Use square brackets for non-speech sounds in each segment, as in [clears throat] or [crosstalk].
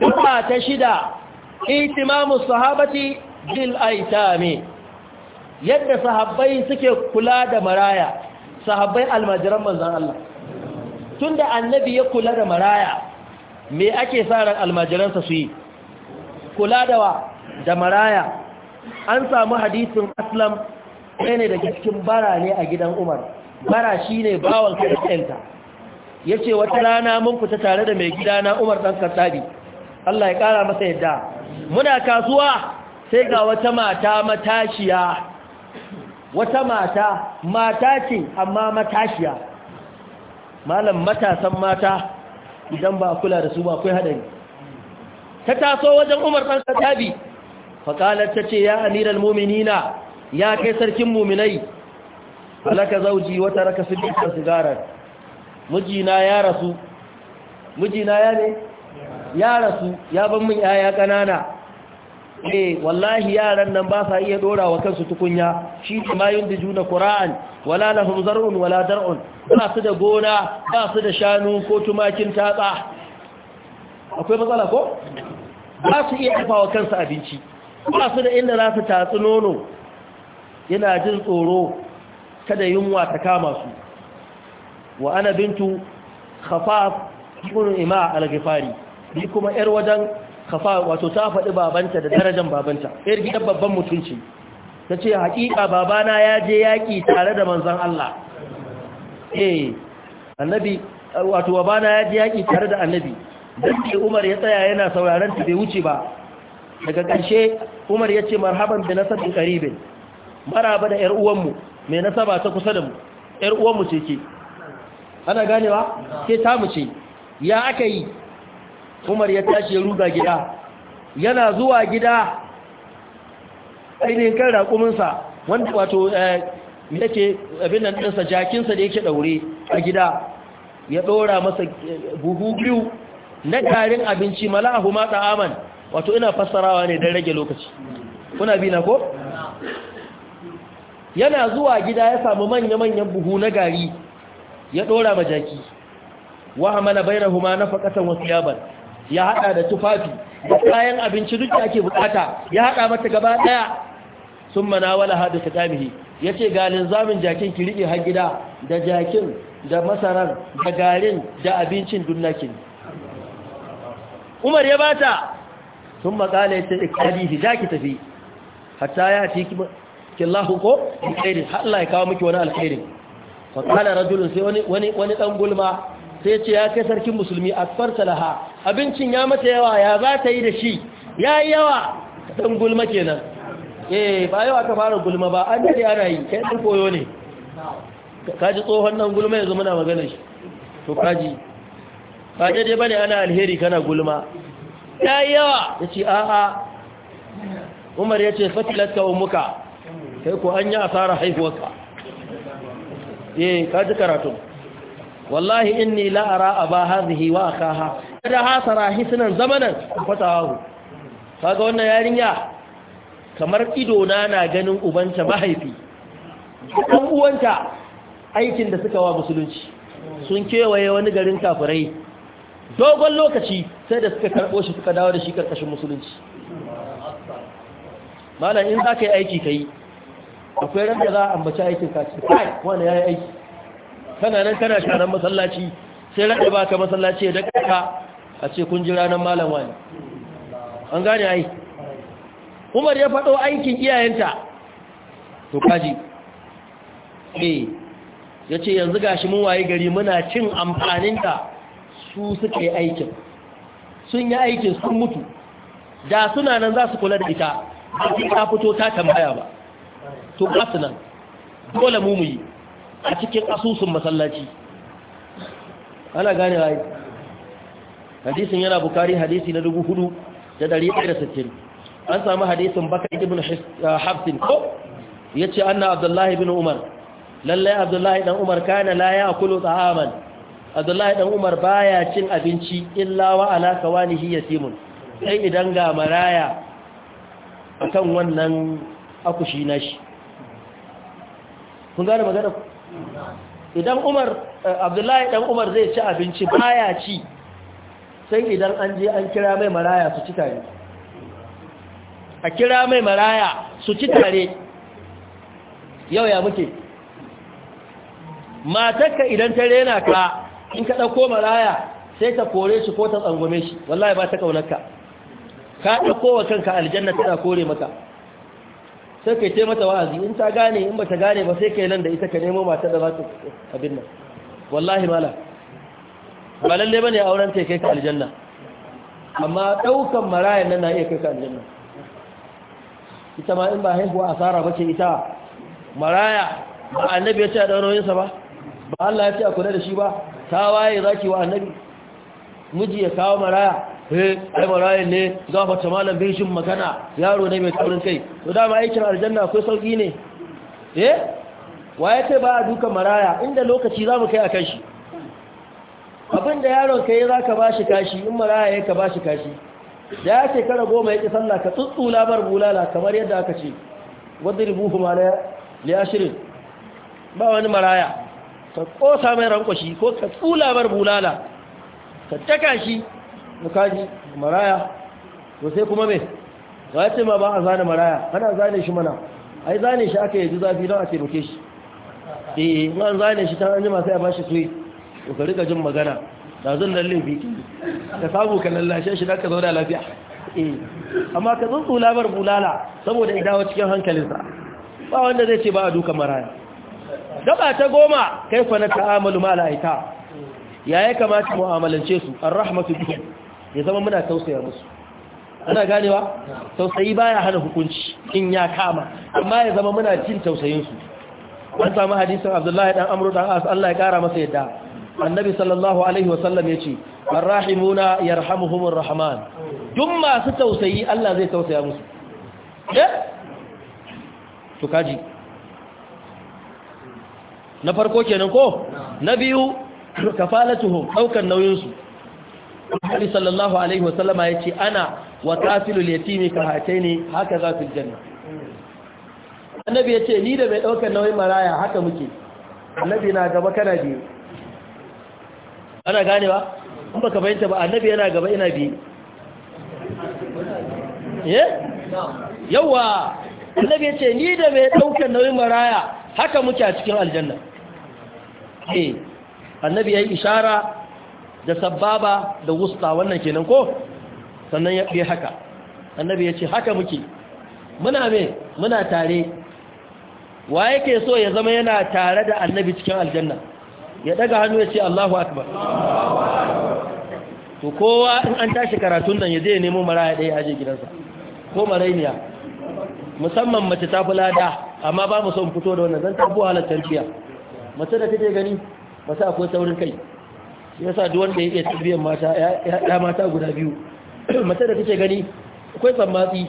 Duk ta shida itimamu sahabati bil aitami yadda sahabbai suke kula da maraya sahabbai almajiran manzan Allah tunda annabi ya kula da maraya me ake sa ran almajiransa su yi kula da wa da maraya an samu hadisin aslam ɗaya ne daga cikin bara ne a gidan umar bara shi ne bawon kaɗa ya ce wata rana mun fita tare da mai gidana umar ɗan kasabi Allah ya ƙara masa yadda muna kasuwa sai ga wata mata matashiya wata mata mata ce amma matashiya malam matasan mata idan ba kula da su ba akwai hadari ta taso wajen Umar dan Khattabi fa qalat tace ya amiral mu'minina ya kai sarkin mu'minai alaka zauji wa taraka siddiqa sigara Mujina ya rasu Mujina ya ne ya rasu ya ban min yaya ƙanana. eh wallahi yaran nan ba sa iya dora wa kansu tukunya shi ne mayun da juna qur'an wala lahum zar'un wala dar'un ba su da gona ba su da shanu ko tumakin tatsa akwai matsala ko ba su iya dafa wa kansu abinci ba su da inda za su tatsi nono yana jin tsoro kada yunwa ta kama su wa ana bintu khafaf ibn ima al-ghifari ni kuma yar wajen kafa wato ta faɗi babanta da darajan babanta yar gidan babban mutunci ta ce haƙiƙa babana ya je yaƙi tare da manzan Allah eh annabi wato babana ya je yaƙi tare da annabi don ke Umar ya tsaya yana sauraron ta bai wuce ba daga ƙarshe Umar ya ce marhaban bi nasabin ƙaribin, maraba da ƴar uwanmu mai nasaba ta kusa da mu ƴar uwanmu ce ke ana ganewa ke ta mu ce ya aka yi umar ya tashi ya ruga gida yana zuwa gida ainihin kan raƙuminsa wanda wato eh, yake abin nan ɗinsa jakinsa da yake ɗaure a gida ya ɗora masa eh, buhu biyu na ƙarin abinci mala'ahu mata aman wato ina fassarawa ne don rage lokaci kuna bi na ko? yana zuwa gida ya samu manya-manyan buhu na gari ya ɗora ma jaki wa huma na faƙatan wasu yaban ya hada da tufafi da kayan abinci duk da ake bukata ya hada mata gaba daya sun mana wala hada kadamihi ya ce ga linzamin jakin ki riƙe har gida da jakin da masaran da garin da abincin dunnakin umar ya bata sun makala ya ce ikadihi za ki tafi hatta ya ci lahu ko alkhairin Allah ya kawo miki wani alkhairin fa kana rajulun sai wani wani dan gulma sai ce ya kai sarkin musulmi a akbar talaha abincin ya mata yawa ya za ta yi da shi ya yi yawa ɗan gulma kenan eh ba yawa ka fara gulma ba an dare ana yi kai ɗan koyo ne Ka ji tsohon nan gulma ya zama muna magana shi to kaji ba daidai bane ana alheri kana gulma ya yi yawa ya ce a'a umar ya ce fatilatka umuka kai ko an yi asara haihuwarka eh ji karatun wallahi inni la ara aba hadhihi wa akaha kada hasara hisnan zamanan fatahu kaga wannan yarinya kamar ido na na ganin ubanta mahaifi Kan uwanta aikin da suka wa musulunci sun kewaye wani garin kafirai dogon lokaci sai da suka karbo shi suka dawo da shi karkashin musulunci malam in za ka yi aiki ka yi akwai ran da za a ambaci aikin ka ce kai wani ya yi aiki tana nan tana sharan masallaci sai rada ka masallaci da kaka a ce kun ji ranar malam wani an gane ai Umar ya faɗo aikin iyayenta to kaji eh yace yanzu gashi mun waye gari muna cin amfaninta su suka yi aikin sun yi aikin sun mutu da suna nan za su kula da ita ba ta fito ta tambaya ba to ba su nan dole mu mu yi a cikin asusun masallaci ana gane rai hadisin yana bukari hadisi na dubu hudu da da sittin. an samu hadisin baka ibn uh, hafsin ko ya ce an na abdullahi bin umar lallai abdullahi dan umar kana la ya akulu ta'aman abdullahi dan umar baya cin abinci illa wa ala kawanihi simon sai idan ga maraya A kan wannan akushi nashi kun gane magana idan umar eh, abdullahi dan umar zai ci abinci baya ci sai idan an je an kira mai maraya su ci tare a kira mai maraya su ci tare yau ya muke matakka idan ta rena ka in ka ɗauko maraya sai ta kore shi ko ta tsangwame shi wallahi ba ta ƙaunarka ka ɗauko wa kanka aljanna tana kore maka sai ka ce mata wa'azi in ta gane in bata gane ba sai kai nan da ita ka nemo mata da za ta abin nan wallahi mala ba lalle ba ne auren ta kai ka aljanna amma daukan marayan nan na iya kai ka aljanna ita ma in ba haihuwa asara bace ita maraya ba annabi ya ce a daunoyin ba ba Allah ya ce a kula da shi ba ta waye za ki wa annabi miji ya kawo maraya eh ba ne za ba ta malam bin shin magana yaro ne mai taurin kai to dama aikin aljanna akwai sauki ne eh waye ce ba duka maraya inda lokaci zamu kai akan shi abinda yaron kai ya zaka bashi kashi in maraya ya ka bashi kashi da ya shekara goma ya ƙi sallah ka tsutsula bar bulala kamar yadda aka ce wadda ma na liyashirin ba wani maraya ka kosa mai rankwashi ko ka tsula bar bulala ka taka shi na kaji maraya to sai kuma me ba ce ma ba a zane maraya kana zane shi mana ai zane shi aka yanzu zafi don a taimake shi eh in zane shi ta hanyar masu sai a bashi suyi to ka rika jin magana da zan lalle bi ka samu ka lallashe shi da ka zauna lafiya eh amma ka tsuntsu labar bulala saboda idan idawa cikin hankalinsa ba wanda zai ce ba a duka maraya gaba ta goma kai fa na ta'amalu ma la'aita ya ya kamata mu'amalance su ar-rahmatu bihi ya zama muna tausaya musu ana ganewa tausayi baya hana hukunci in ya kama amma ya zama muna jin tausayin su an samu hadisin Abdullahi dan Amr dan As Allah ya kara masa yadda annabi sallallahu alaihi wasallam yace arrahimuna yarhamuhumur rahman duk masu tausayi Allah zai tausaya musu eh to kaji na farko kenan ko na biyu kafalatuhum daukan nauyin su Nabi sallallahu alaihi wasallama ce ana wa qatilul yatimi ka hataini haka za su janna Annabi ya ce ni da mai daukar nauyin maraya haka muke Annabi na gaba kana biyu ana gane ba in baka bayanta ba Annabi yana gaba ina biyu eh yawa Annabi yace ni da mai daukar nauyin maraya haka muke a cikin aljanna eh Annabi yi ishara da sababa da wusta wannan kenan ko sannan ya yi haka annabi ya ce haka muke muna me muna tare wa yake so ya zama yana tare da annabi cikin aljanna ya daga hannu ya ce Allahu akbar to kowa in an tashi karatun nan ya je nemo maraya ɗaya aje gidansa ko maraimiya musamman mace ta fi lada amma ba mu son fito da wannan zan tabuwa tarbiya mace da take gani masu akwai saurin kai yasa duk wanda yake tarbiyyar mata ya mata guda biyu [clears throat] mata da kace gani akwai tsammatsi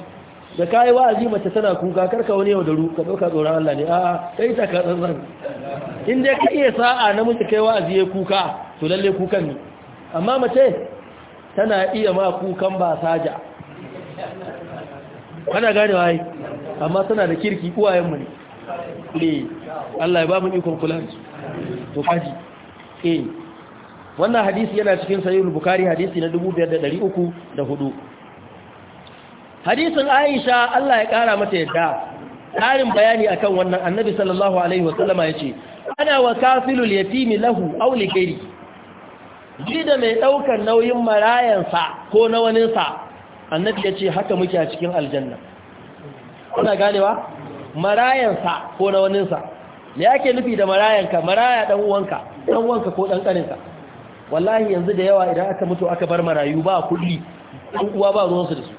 da kai wa'azi mace tana kuka karka wani yau da ru ka dauka tsoron Allah ne a'a kai ta ka tsantsan in dai ka iya sa'a na miji kai wa'azi ya kuka to lalle kukan ne amma mace tana iya ma kukan ba saja kana gane wai amma tana da kirki Uwayen mu ne eh Allah ya ba mu ikon kula to kaji eh wannan hadisi yana cikin sahihul bukhari hadisi na hudu. hadisin aisha Allah ya kara mata yadda Karin bayani akan wannan annabi sallallahu alaihi wasallama yace ana wa kafilul yatimi lahu aw li ghairi mai daukar nauyin marayansa ko na waninsa annabi yace haka muke a cikin aljanna kuna ganewa marayansa ko na waninsa me yake nufi da marayanka maraya dan uwanka dan uwanka ko dan kaninka wallahi yanzu da yawa idan aka mutu aka bar marayu ba kuɗi ɗan uwa ba ruwansu da su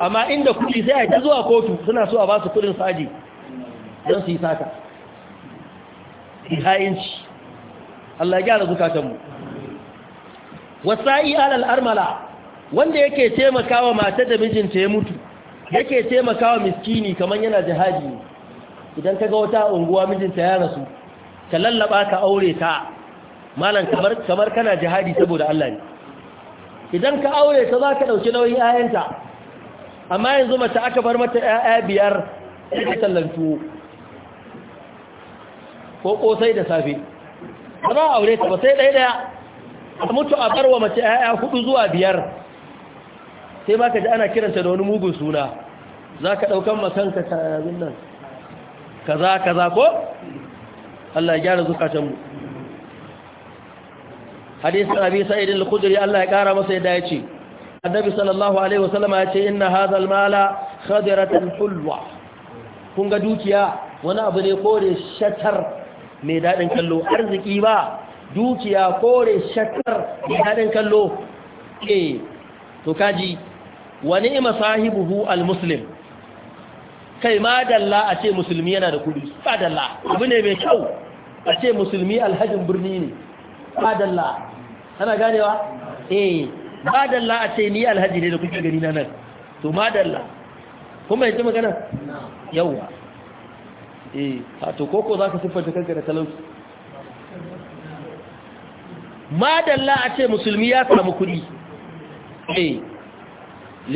amma inda kuɗi sai a ta zuwa kotu suna so a ba su kuɗin saji don su yi sata ihayinci Allah gyara zukatanmu wasa'i alal armala wanda yake taimakawa mata da mijinta ya mutu yake taimakawa miskini kamar yana jihadi idan ka ga wata unguwa mijinta ya rasu ka lallaba ka aure ta malam kamar kana jihadi saboda Allah ne idan ka aure ta za ka ɗauki nauyin 'ya'yanta amma yanzu mace aka bar mata 'ya'ya biyar da tallantu ko ƙosai da safe ba za a aure ta ba sai ɗaya ɗaya a mutu a barwa mace 'ya'ya hudu zuwa biyar sai ba ka ji ana kiranta da wani mugun suna za ka ɗaukan ta yanzu nan kaza kaza ko Allah ya gyara zukatanmu hadisin abi sa'id al-khudri Allah ya kara masa yadda yace annabi sallallahu alaihi wasallam ya ce inna hadha al-mala khadiratan hulwa kun ga dukiya wani abu ne kore shatar mai dadin kallo arziki ba dukiya kore shatar mai dadin kallo eh to kaji wa ni'ma sahibuhu al-muslim kai ma dalla a ce musulmi yana da kudi fa dalla abu ne mai kyau a ce musulmi alhajin birni ne fa dalla ana ganewa eh madalla a ce ni alhaji ne da kuke gani na nan to madalla kuma yace magana yawa eh to koko zaka siffanta kanka da talauci madalla a ce musulmi ya samu kuɗi eh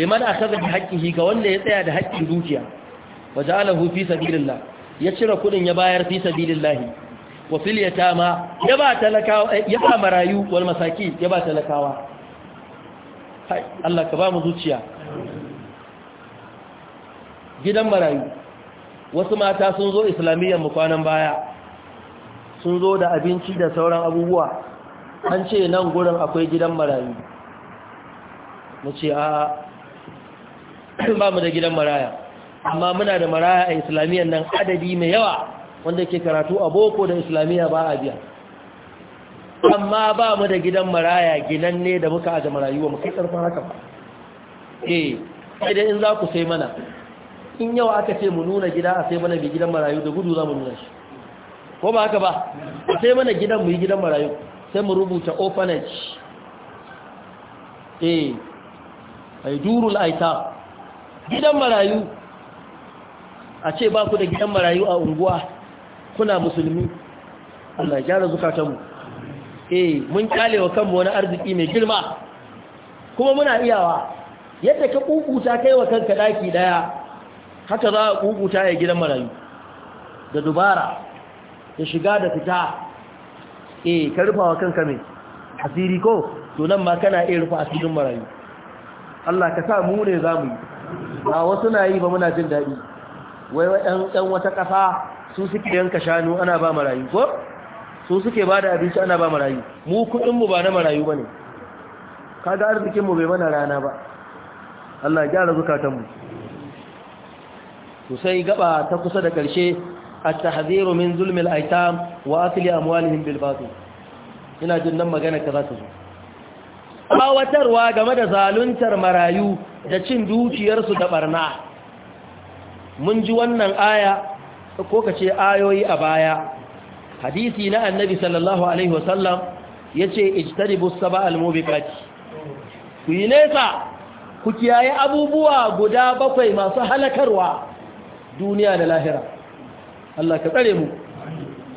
liman akhadha bi haqqihi ga wanda ya tsaya da haƙƙin dukiya waja'alahu fi sabilillah ya cire kuɗin ya bayar fi sabilillah wa fil yatama ya ba talakawa eh, ya ba marayu wal masaki ya ba talakawa hai Allah ka ba mu zuciya gidan marayu wasu mata sun zo islamiyyar mu kwanan baya sun zo da abinci da sauran abubuwa an ce nan gurin akwai gidan marayu mu ce a ba mu da gidan maraya amma muna da maraya a islamiyyar nan adadi mai yawa wanda ke karatu a boko da islamiyya ba a biya amma ba mu da gidan maraya ginan ne da muka aje marayuwa mu kai karfin haka eh sai dai in za ku sai mana in yau aka ce mu nuna gida a sai mana bi gidan marayu da gudu za mu nuna shi ko ba haka ba a sai mana gidan mu yi gidan marayu sai mu rubuta orphanage eh ay durul aita gidan marayu a ce ba ku da gidan marayu a unguwa kuna musulmi Allah ya gyara zukatanmu eh mun kyale wa kanmu wani arziki mai girma kuma muna iyawa yadda ka kukuta kai wa kanka daki daya haka za a kukuta ya gidan marayu da dubara Ya shiga da fita eh ka rufa wa kanka mai asiri ko to nan ma kana iya rufa asirin marayu Allah ka sa mu ne zamu yi ba wasu na yi ba muna jin daɗi wai ɗan wata ƙasa su suke yanka shanu ana ba marayu ko su suke ba da abinci ana ba marayu mu kudinmu ba na marayu ba ne kaga arzikinmu bai mana rana ba Allah gyara zukatanmu to sai gaba ta kusa da karshe at-tahziru min zulmil aitam wa akli amwalihim bil batil ina jin nan magana ka za ta zo awatarwa game da zaluntar marayu da cin dukiyarsu da barna mun ji wannan aya ko ka ce ayoyi a baya hadisi na annabi sallallahu alaihi wasallam ya ce ijtaribu saba almubiqati ku yi nesa ku kiyaye abubuwa guda bakwai masu halakarwa duniya da lahira Allah ka tsare mu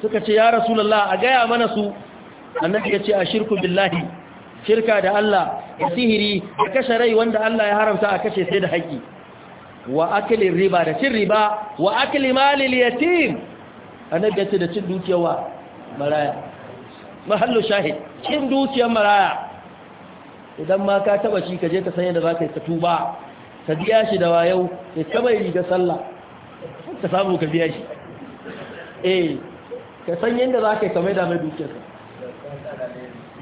suka ce ya rasulullah a gaya mana su annabi ya ce a shirku billahi shirka da Allah da sihiri da kashe rai wanda Allah ya haramta a kashe sai da haƙƙi wa akli riba da cin riba wa akli malil yatim Ana gace da cin dukiya wa maraya mahallu shahid cin dukiyar maraya idan ma ka taba shi ka je ka da za ka yi ka tuba ka biya shi da wayau ya taba yi ga sallah ka samu ka biya shi eh ka san yadda ka yi ka maida mai dukiyarsa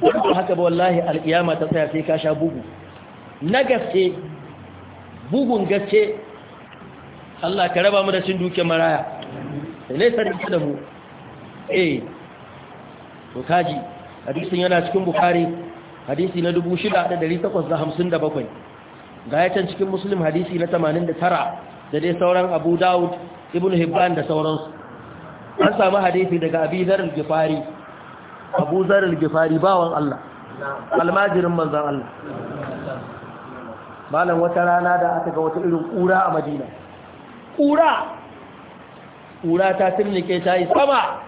wanda haka ba wallahi al'iyama ta tsaya sai ka sha bugu na gaske bugun gaske Allah ka raba mu da cin dukiyar maraya da ne ita da mu eh to kaji hadisin yana cikin bukhari hadisi na 6857 ga yacan cikin muslim hadisi na 89 da dai sauran abu Da'ud, ibnu hibban da sauransu an samu hadisi daga abi zarar gifari abu zarar gifari bawan Allah almajirin manzan Allah malam wata rana da aka ga wata irin kura a madina ƙura ƙura ta tirnike ta yi sama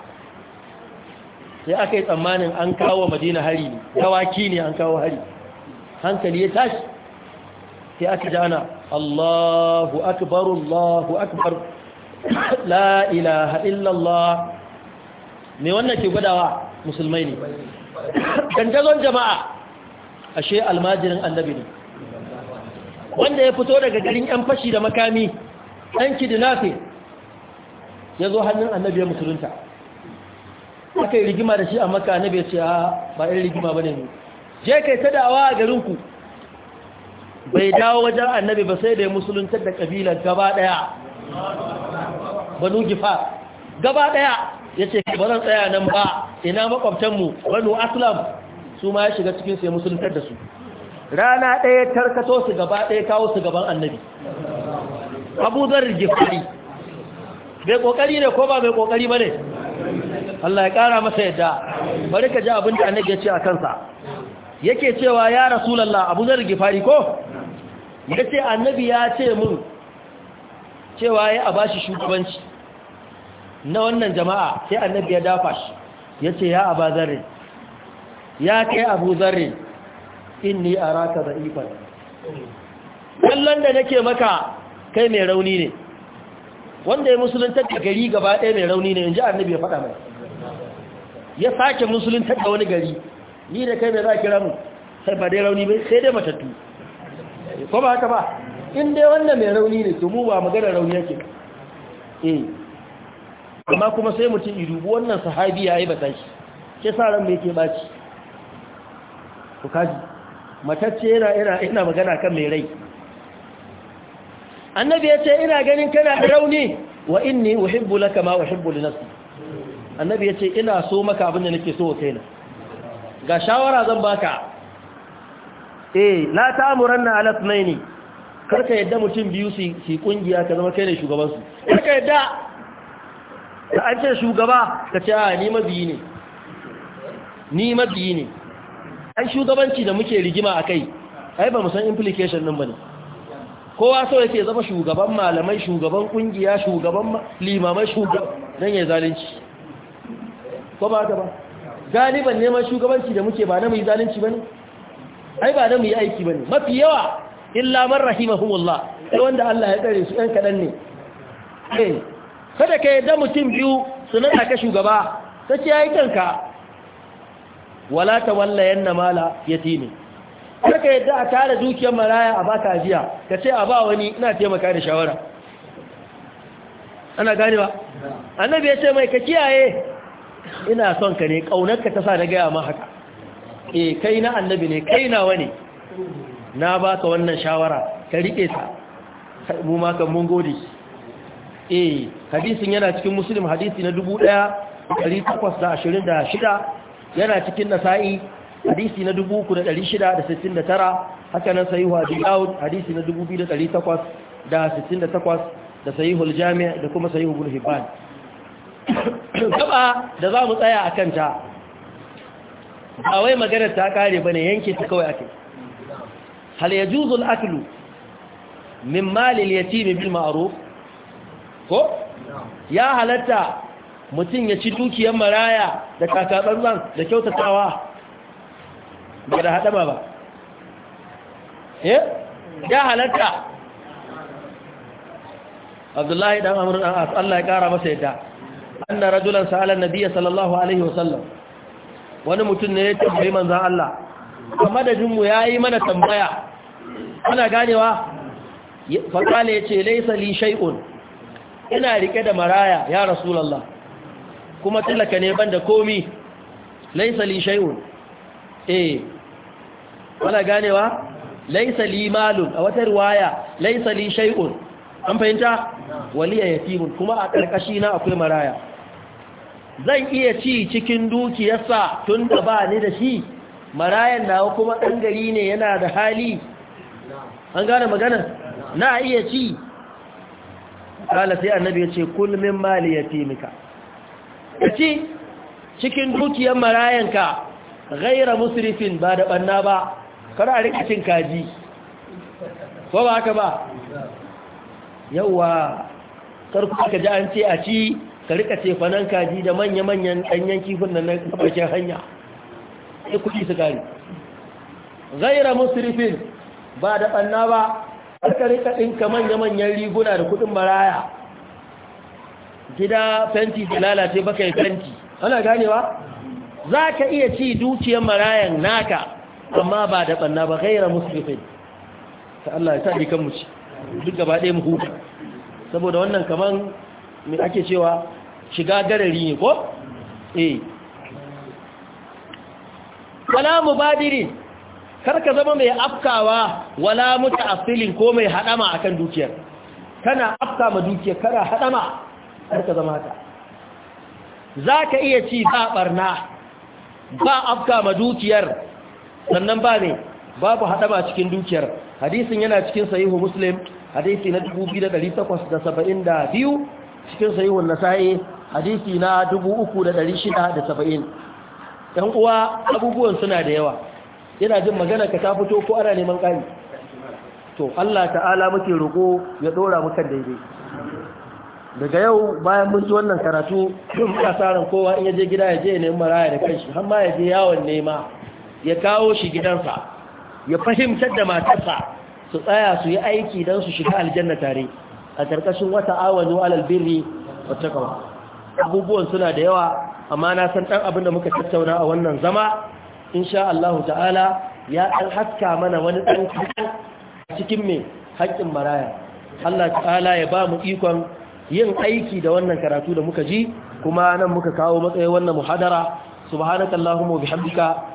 sai aka yi tsammanin an kawo madina hari ne dawaki ne an kawo hari hankali ya tashi sai aka jana allahu akbar allahu akbar [coughs] la ilaha illallah mai wannan ke gudawa musulmai ne [coughs] dandazon jama'a ashe almajirin annabi ne wanda ya fito daga garin yan fashi da makami ɗan kidnapping ya zo hannun annabi ya musulunta aka yi rigima da shi a maka annabi ya ce a ah, ba yin rigima ba ne mu je kai ta dawa a garinku bai dawo wajen annabi ba sai da ya musuluntar da ƙabila gaba ɗaya banu gifa gaba ɗaya ya ce ba zan tsaya nan ba ina makwabtanmu banu aslam su ma ya shiga cikin sai musuluntar da su rana ɗaya tarkato su gaba ɗaya kawo su gaban annabi abu zar gifari bai kokari ne ko ba mai kokari ba ne Allah ya kara masa yadda bari ka ji abinda da annabi ya ce a kansa yake cewa ya rasulullah abu zar gifari ko yace annabi ya ce mun cewa ya a bashi shugabanci na wannan jama'a sai annabi ya dafa shi yace ya aba zarri ya kai abu zarri inni araka da'ifan kallon da nake maka kai mai rauni ne wanda ya musuluntar da gari gaba ɗaya mai rauni ne in ji annabi ya faɗa mai ya sake musuluntar da wani gari ni da kai mai za kira mu sai ba dai rauni bai sai dai matattu ko ba haka ba in dai wannan mai rauni ne to mu ba magana rauni yake eh amma kuma sai mutum ya dubi wannan sahabi ya yi bata shi ke sa ran mai ke baci ku kaji matacce yana yana magana kan mai rai annabi ya ce ina ganin kana da rauni wa inni uhibbu laka ma uhibbu li nafsi annabi ya ce ina so maka abin da nake so wa kaina ga shawara zan baka eh la ta'muranna ala thnaini karka yadda mutum biyu su su kungiya ka zama kai ne shugaban su karka yadda da an ce shugaba ka ce a ah, ni mabiyi ne ni mabiyi ne an shugabanci da muke rigima akai ai ba mu san implication din bane kowa so yake zama shugaban malamai shugaban kungiya shugaban limamai shugaban don ya zalunci ko ba ta ba galiban neman shugabanci da muke ba na mu yi zalunci ne ai ba na mu yi aiki ne. mafi yawa illa man rahimahumullah sai wanda Allah ya tsare su ɗan kaɗan ne eh, kada ka yadda mutum biyu su nan aka shugaba ta ce ya yi kanka wala ta wallayen na mala yatimi ka yadda a tara dukiyar maraya a baka ajiya ka ce a ba wani ina taimaka da shawara ana gane ba annabi ya ce mai ka kiyaye ina son ka ne kaunarka ta sa na gaya ma haka e kai na annabi ne kai nawa ne na baka wannan shawara ka riƙe ta mu ma kan mun gode eh hadisin yana cikin muslim hadisi na 1826 yana cikin nasa'i hadisi na 3669 haka nan sahihu abi daud hadisi na 2800 da 68 da da takwas, da kuma sahihu ibn hibban [coughs] gaba da za mu tsaya a kanta, awai wai maganar ta kare bane yanke ta kawai ake hal yajuzul aklu min mali al-yatim bil ma'ruf ko ya halatta mutum ya ci dukiyar maraya da kakatsantsan da kyautatawa ba da haɗama ba eh? ya halatta abdullahi ɗan amurin an asu Allah ya ƙara masa yadda an na rajulan sa'alar nabiya sallallahu alaihi wasallam wani mutum ne ya tambayi manzan Allah amma da jinmu ya yi mana tambaya ana ganewa faƙale ya ce laisa li shai'un ina rike da maraya ya rasulallah kuma talaka ne ban da komi laisa li shai'un eh wala ganewa laisa li malun a wata riwaya laisa li shay'un an fahimta waliya yatimun kuma a karkashi na akwai maraya zan iya ci cikin dukiyarsa tunda ba ni da shi marayan nawa kuma ɗan gari ne yana da hali an gane magana na iya ci kala sai annabi ya ce kulmin mali yatimika ya ci cikin dukiyar marayanka gaira musrifin ba da ɓanna ba kar a rika cin kaji ko ba haka ba yawa kar kuma ka ji an ce a ci ka rika ce kaji da manya-manyan danyen kifin nan na ƙarshen hanya sai kuɗi su kari zaira musrifin ba da ɓanna ba ka rika ɗinka manya-manyan riguna da kuɗin maraya gida fenti da lalace baka yi fenti ana ganewa za ka iya ci dukiyar marayan naka amma ba da ɓanna ba gaira musulmin ta Allah ya sa’adi kan mu ci duk gaba ɗaya mu saboda wannan kamar me ake cewa shiga garari ne ko eh wala mubadiri kar ka zama mai afkawa wala muta'assilin ko mai haɗama a kan dukiyar kana afka ma dukiyar kana haɗama, kar ka zama haka ka iya ci ba ɓarna ba afka ma dukiyar sannan ba ne babu haɗama cikin dukiyar hadisin yana cikin sahihu muslim hadisi na 2872 cikin sahihun nasa'i hadisi na 3670 ɗan uwa abubuwan suna da yawa yana jin magana ka ta fito ko ana neman ƙari to Allah ta'ala muke roƙo ya ɗora mu daidai daga yau bayan mun ji wannan karatu sa kasaran kowa in ya je gida ya je ya nemi maraya da kanshi har ma ya je yawon nema ya kawo shi gidansa ya fahimtar da matarsa su tsaya su yi aiki don su shiga aljanna tare a ƙarƙashin wata awanu alal birri wata kawa abubuwan suna da yawa amma na san dan abin da muka tattauna a wannan zama insha Allah ta'ala ya dan haska mana wani dan cikin mai haƙƙin maraya Allah ta'ala ya ba mu ikon yin aiki da wannan karatu da muka ji kuma nan muka kawo matsayin wannan muhadara subhanakallahumma wa bihamdika